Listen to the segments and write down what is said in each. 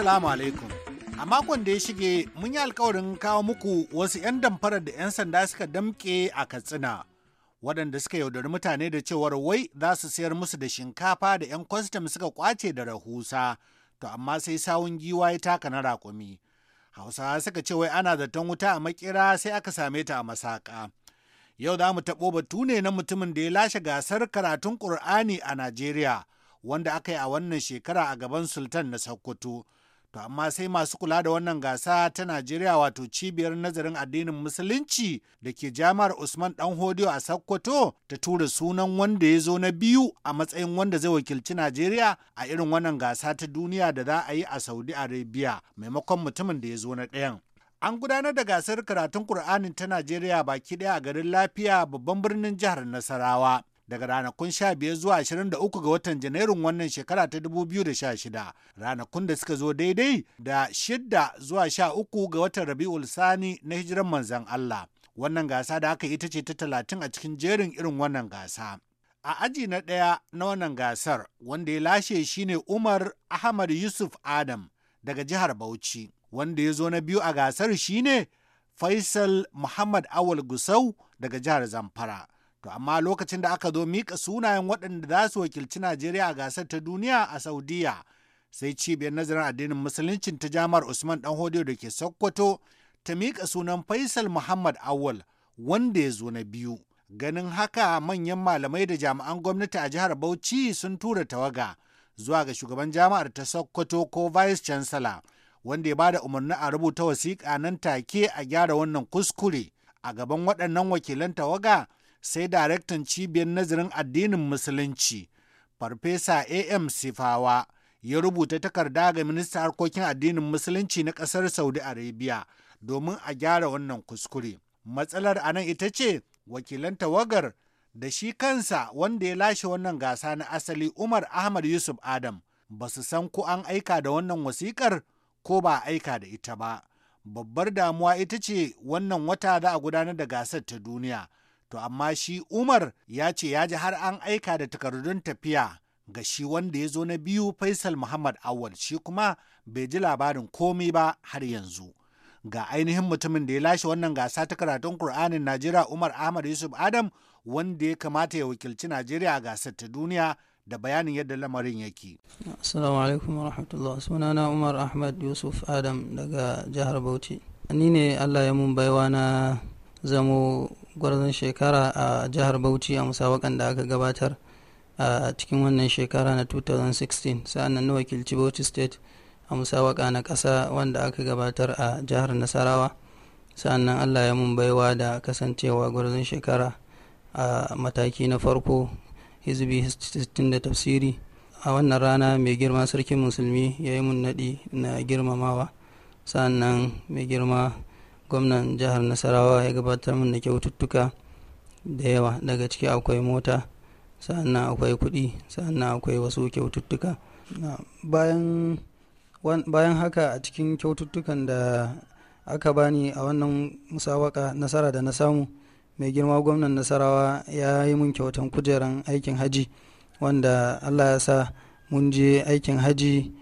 Assalamu alaikum. A makon da ya shige mun yi alkawarin kawo muku wasu 'yan damfarar da 'yan sanda suka damke a Katsina. Waɗanda suka yaudari mutane da cewar wai za su sayar musu da shinkafa da 'yan kwastam suka kwace da rahusa, to amma sai sawun giwa ya taka na raƙumi. Hausawa suka ce wai ana zaton wuta a makera sai aka same ta a masaka. Yau za mu taɓo batu ne na mutumin da ya lashe gasar karatun Ƙur'ani a Najeriya. wanda aka yi a wannan shekara a gaban Sultan na Sokoto To amma sai masu kula da wannan gasa ta Najeriya wato cibiyar nazarin addinin musulunci da ke jami'ar Usman Dan Hodiyo a Sokoto ta tura sunan wanda ya zo na biyu a matsayin wanda zai wakilci Najeriya a irin wannan gasa ta duniya da za a yi a Saudi Arabia maimakon mutumin da ya zo na ɗayan. An gudanar da gasar karatun Kur'anin ta Najeriya baki ɗaya a garin Lafiya babban birnin jihar Nasarawa. daga ranakun 15 zuwa 23 ga watan Janairun wannan shekara ta 2016 ranakun da suka zo daidai da 6 zuwa 13 ga watan Rabi'ul Sani na hijiran manzan Allah. Wannan gasa da aka ita ce ta 30 a cikin jerin irin wannan gasa. A aji na ɗaya na wannan gasar wanda ya lashe shine Umar Ahmad Yusuf Adam daga jihar Bauchi. Wanda ya zo na biyu a gasar shine Faisal Muhammad Awal Gusau daga jihar Zamfara. To amma lokacin da aka zo mika sunayen waɗanda za su wakilci Najeriya a gasar ta duniya a Saudiya sai cibiyar nazarin addinin musuluncin ta jamar Usman Dan Hodiyo da ke Sokoto ta mika sunan Faisal Muhammad Awal wanda ya zo na biyu. Ganin haka manyan malamai da jami'an gwamnati a jihar Bauchi sun tura tawaga zuwa ga shugaban jami'ar ta Sokoto ko Vice Chancellor wanda ya bada umarni a rubuta wasiƙa nan take a gyara wannan kuskure a gaban waɗannan wakilan tawaga. sai daraktan cibiyar nazarin addinin musulunci farfesa am sifawa ya rubuta takarda ga Minista harkokin addinin musulunci na ƙasar saudi arabia domin a gyara wannan kuskure matsalar a nan ita ce wakilan tawagar da shi kansa wanda ya lashe wannan gasa na asali umar ahmad yusuf adam ba su san ko an aika da wannan wasikar ko ba aika da ita ba babbar damuwa ita ce wannan wata za a gudanar da gasar ta duniya to amma shi Umar ya ce ya ji har an aika da takardun tafiya ga shi wanda ya zo na biyu Faisal Muhammad Awal shi kuma bai ji labarin komai ba har yanzu. Ga ainihin mutumin da ya lashe wannan gasa ta karatun Kur'anin Najeriya Umar Ahmad Yusuf Adam wanda ya kamata ya wakilci Najeriya a gasar ta duniya da bayanin yadda lamarin yake. Assalamu alaikum wa rahmatullah sunana Umar Ahmad Yusuf Adam daga jihar Bauchi. Ni ne Allah ya mun baiwa na zamo gwarzon shekara a jihar bauchi a musawakan da aka gabatar a cikin wannan shekara na 2016 sa'annan na wakilci bauchi state a musawaka na kasa wanda aka gabatar a jihar nasarawa nan allah ya mun baiwa da kasancewa gwarzon shekara a mataki na farko hizbi 60 da tafsiri a wannan rana mai girma sarkin musulmi ya yi mun naɗi na girmamawa nan mai girma gwamnan jihar nasarawa ya gabatar min da kyaututtuka da yawa daga ciki akwai mota sannan akwai kuɗi sannan akwai wasu kyaututtuka bayan bayan haka a cikin kyaututtukan da aka bani a wannan musawaka nasara da na samu mai girma gwamnan nasarawa ya yi mun kyautan kujeran aikin haji wanda allah ya sa mun je aikin haji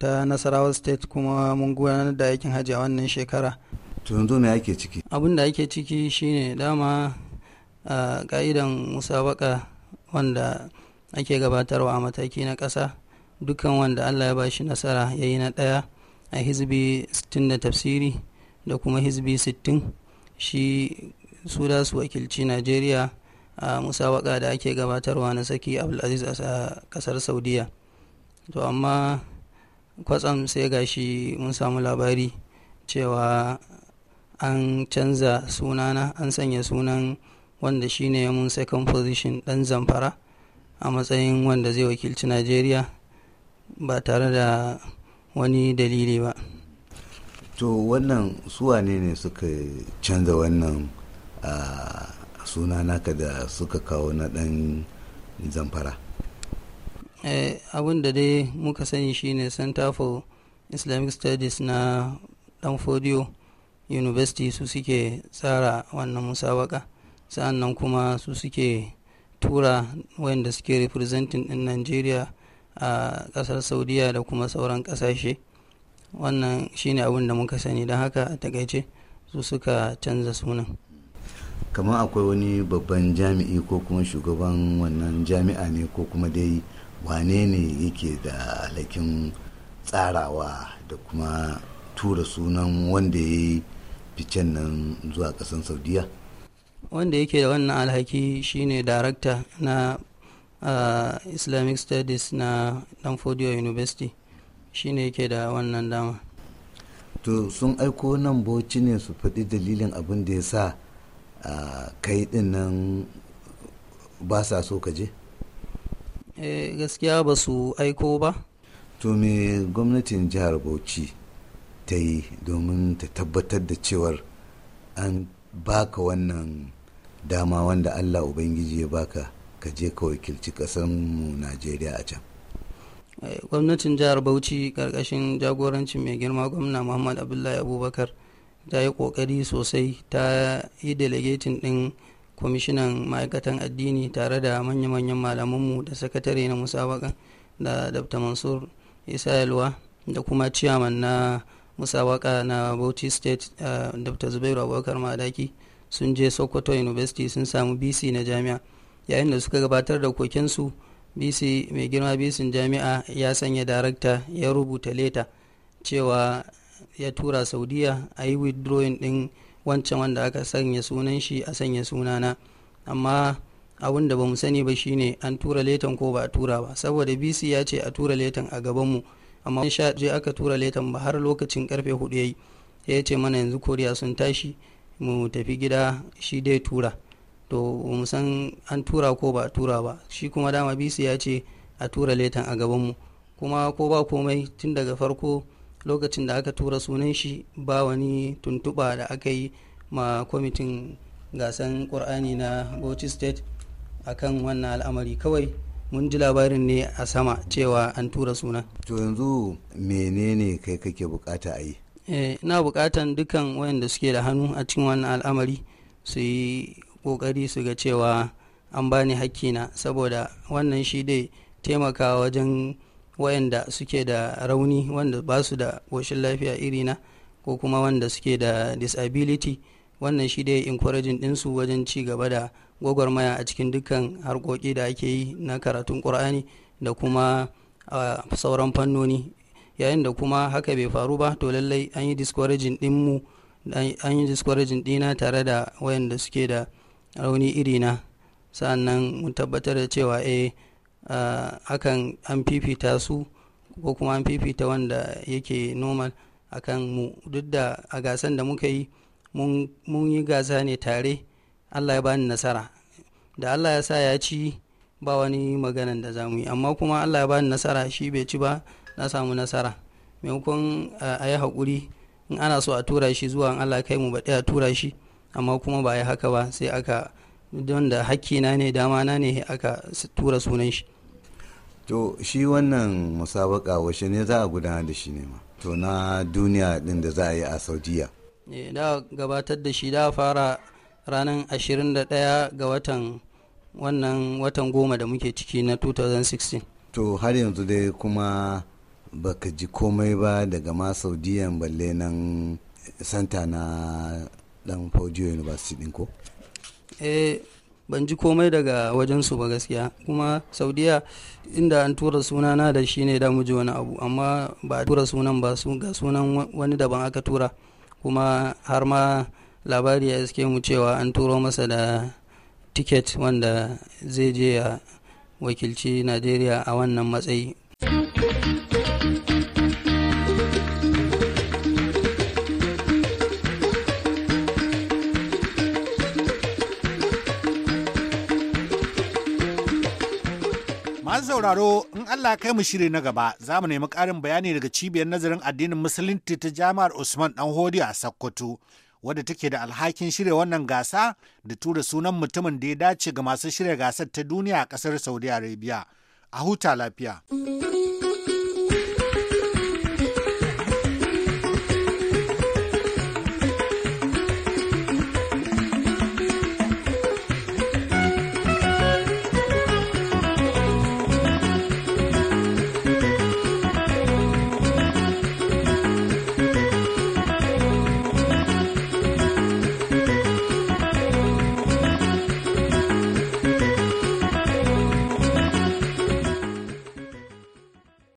ta nasarawa state kuma mun gudanar da aikin haji a wannan shekara tunzo me ake ciki abin da ake ciki shine dama a ka'idan musabaka wanda ake gabatarwa a mataki na ƙasa dukkan wanda allah ya bashi nasara ya yi na ɗaya a hizbi 60 da tafsiri da kuma hizbi 60 shi su da su wakilci najeriya a musabaka da ake gabatarwa na saki abdulaziz a kasar saudiya to amma kwatsam sai gashi mun samu labari cewa an canza sunana an sanya sunan wanda shine mun second position dan zamfara a matsayin wanda zai wakilci najeriya ba tare da wani dalili ba to wannan suwa ne suka canza wannan sunana ka da suka kawo na dan zamfara eh, abin da dai muka sani shine center for islamic studies na dan fodiyo university su suke tsara wannan musabaka sa'annan kuma su suke tura wayanda suke representing din nigeria a kasar Saudiya da kuma sauran kasashe wannan shine abin da muka sani don haka a takaice su suka canza sunan kamar akwai wani babban jami'i ko kuma shugaban wannan jami'a ne ko kuma dai wane ne yake da alhakin tsarawa da kuma tura sunan wanda ya yi ficen nan zuwa kasan saudiya wanda yake da wannan alhaki shine darakta na uh, islamic studies na danfodiyo university shine yake da wannan dama to sun aiko nan boci ne su faɗi dalilin abin da ya sa ah, kai ɗin nan ba sa so ka je eh, gaskiya ba su aiko ba to me gwamnatin jihar bauchi ta yi domin ta tabbatar da cewar an baka wannan dama wanda allah ubangiji ya baka ka je ka wakilci mu najeriya a can eh, gwamnatin jihar bauchi karkashin jagorancin mai girma gwamna muhammad abdullahi abubakar ta yi kokari sosai ta yi delegating din kwamishinan ma'aikatan addini tare da manya-manyan malamanmu da sakatare na musabaka da dr mansur isa da kuma ciyaman na musa waka na bauchi state dr zubairu abubakar madaki sun je sokoto university sun samu bc na jami'a yayin da suka gabatar da kokensu bc mai girma bc jami'a ya sanya darakta ya rubuta leta cewa ya tura saudiya a yi withdrawing din wancan wanda aka sanya sunan shi a sanya sunana amma abin da ba mu sani ba shine an tura letan ko ba a tura ba saboda bc ya ce a tura letan a gabanmu amma sha je aka tura letan ba har lokacin karfe hudu yayi ya ce mana yanzu koriya sun tashi mu tafi gida shi dai tura to mu san an tura ko ba tura ba shi kuma dama bisu ya ce a tura letan a gabanmu kuma ko ba komai tun daga farko lokacin da aka tura sunan shi ba wani tuntuɓa da aka yi ma kwamitin gasan ƙur'ani na bauchi state akan wannan al'amari kawai mun ji labarin ne a sama cewa an tura suna to yanzu menene kai kake bukata a yi eh, ina bukatan dukan wayanda suke da hannu a cikin wannan al'amari su yi kokari su ga cewa an bani na saboda wannan shi dai taimakawa wajen wayanda suke da rauni wanda ba su da ƙoshin lafiya irina ko kuma wanda suke da disability wannan shi dai encouraging ɗinsu wajen ci gaba da gwagwarmaya a cikin dukkan harkoki da ake yi na karatun ƙur'ani da kuma a sauran fannoni yayin da kuma haka bai faru ba to lallai an yi discouraging dinmu an yi discouraging dina tare da wayanda suke da rauni iri na sannan mun tabbatar da cewa eh hakan an fifita su ko kuma an fifita wanda yake normal akan mu duk da a gasan da muka yi mun yi gasa ne tare allah ya bani nasara da allah ya sa ya ci ba wani maganan da za mu yi amma kuma allah ya bani nasara shi bai ci ba na samu nasara maimakon a yi haƙuri in ana so a tura shi zuwa allah kai mu baɗi a tura shi amma kuma ba ya haka ba sai aka don da na ne dama na ne aka tura sunan shi to shi wannan musabaka washe ne za a gudanar da shi ne ma to na duniya din da za a yi a saudiya eh, da gabatar da shi da fara ranar 21 ga watan wannan watan goma da muke ciki na 2016 to har yanzu dai kuma baka ji komai ba daga ma saudiyan balle nan santa na dan university din ko eh ban ji komai daga wajensu ba gaskiya kuma saudiya inda an tura sunana da shi ne damu ji wani abu amma ba a tura sunan ba ga sunan wani daban aka tura kuma har ma labari ya iske mu cewa an turo masa da tiket wanda zai je ya wakilci najeriya a wannan matsayi Masu sauraro in Allah kai mu shiri na gaba za mu nemi ƙarin bayani daga cibiyar nazarin addinin musulunci ta jami'ar Usman Danhodi a Sokoto wadda take da alhakin shirya wannan gasa da tura sunan mutumin da ya dace ga masu shirya gasar ta duniya a kasar saudi arabia a huta lafiya.